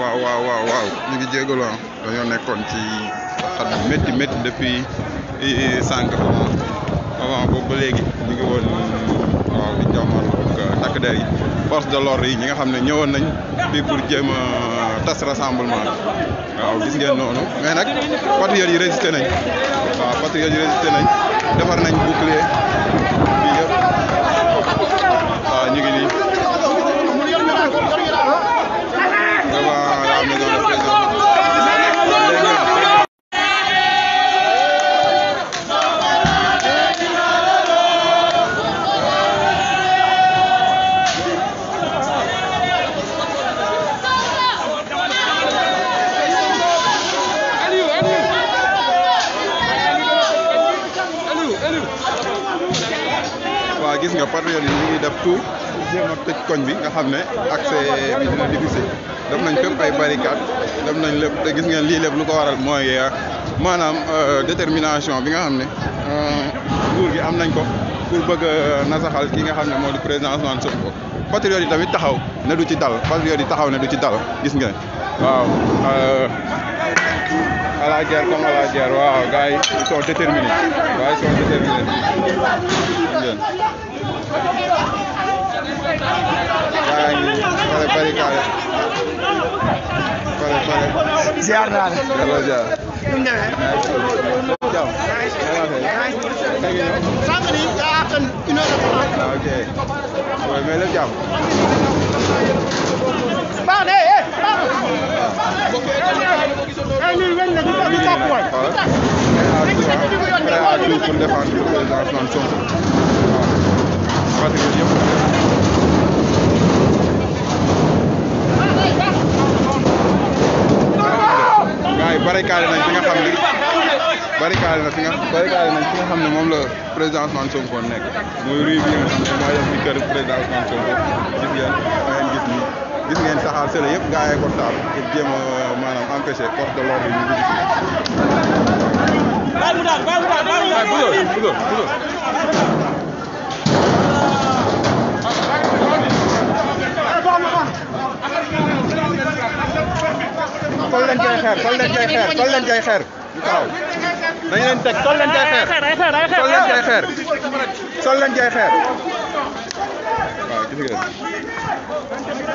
waaw waaw waaw waaw ñu ngi jégalu ah dañoo nekkoon ci xat bu métti métti depuis sànq avant avant boobu ba léegi ñu ngi woon waaw di jàmmarloo ak euh, takk der yi force de l'ordre yi ñi nga xam ne ñëwoon nañ fii pour jéem a tas rassemblement bi waaw gis ngeen noonu mais nag patriotes yi résisté nañ waaw patriotes yi résisté nañ defar nañ bouclier. gis nga patriote yi ñu ngi def tout jéem a koñ bi nga xam ne accès bi dina difficile def nañ fépp ay barricade def nañ lépp te gis ngeen lii lépp lu ko waral mooy euh, maanaam euh, détermination bi nga xam ne euh, nguur gi am nañ ko pour bëgg a nasaxal ki nga xam ne moo di président Ousmane Sonko patriote yi tamit taxaw ne du ci dal patriote yi taxaw ne du ci dal gis ngeen waaw à la guerre comme à la guerre waaw gars yi ils sont déterminés gars yi sont déterminés Pare, pare, pare. Pare, Ziar naa la. Yàlla ziar. Nu mu demee. Jaw. Sànq ni daa àqan une heure. Ok. Waaw mais lépp jàmm. Baax de eh baax. Ay lii weñ la du ko du topp waay. Voilà. Pour défendre le président Sonko. categoria mondiale. gars yi barricade nañ fi nga xam ne barricade na fi nga barricade nañ fi nga xam ne moom la président Ousmane Sonko nekk muy rue bi nga xam ne moo yor ci kër président Ousmane Sonko gis ngeen da ngeen gis nii gis ngeen saxaar sële yëpp gars yi ko taal pour jéem a maanaam empêcher force de l'ordre yi ñu dugg si. tol leen koy xeer tol leen koy xeer tol leen koy xeer ñu taxaw nañ leen teg tol leen koy xeer tol leen koy xeer tol leen koy xeer waaw gis ngeen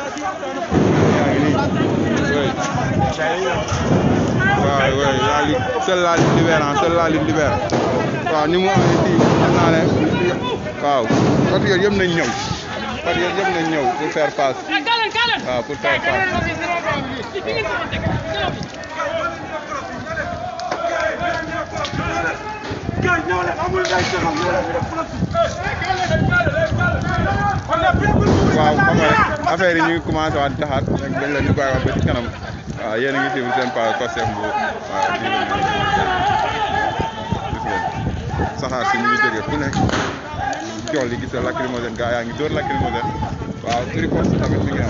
waaw waaw la lutte seule la lutte libère ah seule la lutte libère waaw ni mu amee fii xam naa ne waaw patriote yëpp nañ ñëw patriote yëpp nañ ñëw pour faire face waaw pour faire face waaw xam nga rek affaire yi ñu ngi commencé waat jaxaat rek dañ leen di bàyyi wax ba ci kanam waaw yéen a ngi suivre seen page Pastef bu waaw gis ngeen saxaar si ñu ngi jógee fu nekk jool yi gis nga lacrymogène gaa yaa ngi dóor lacrymogène waaw riposte tamit mi ngi am.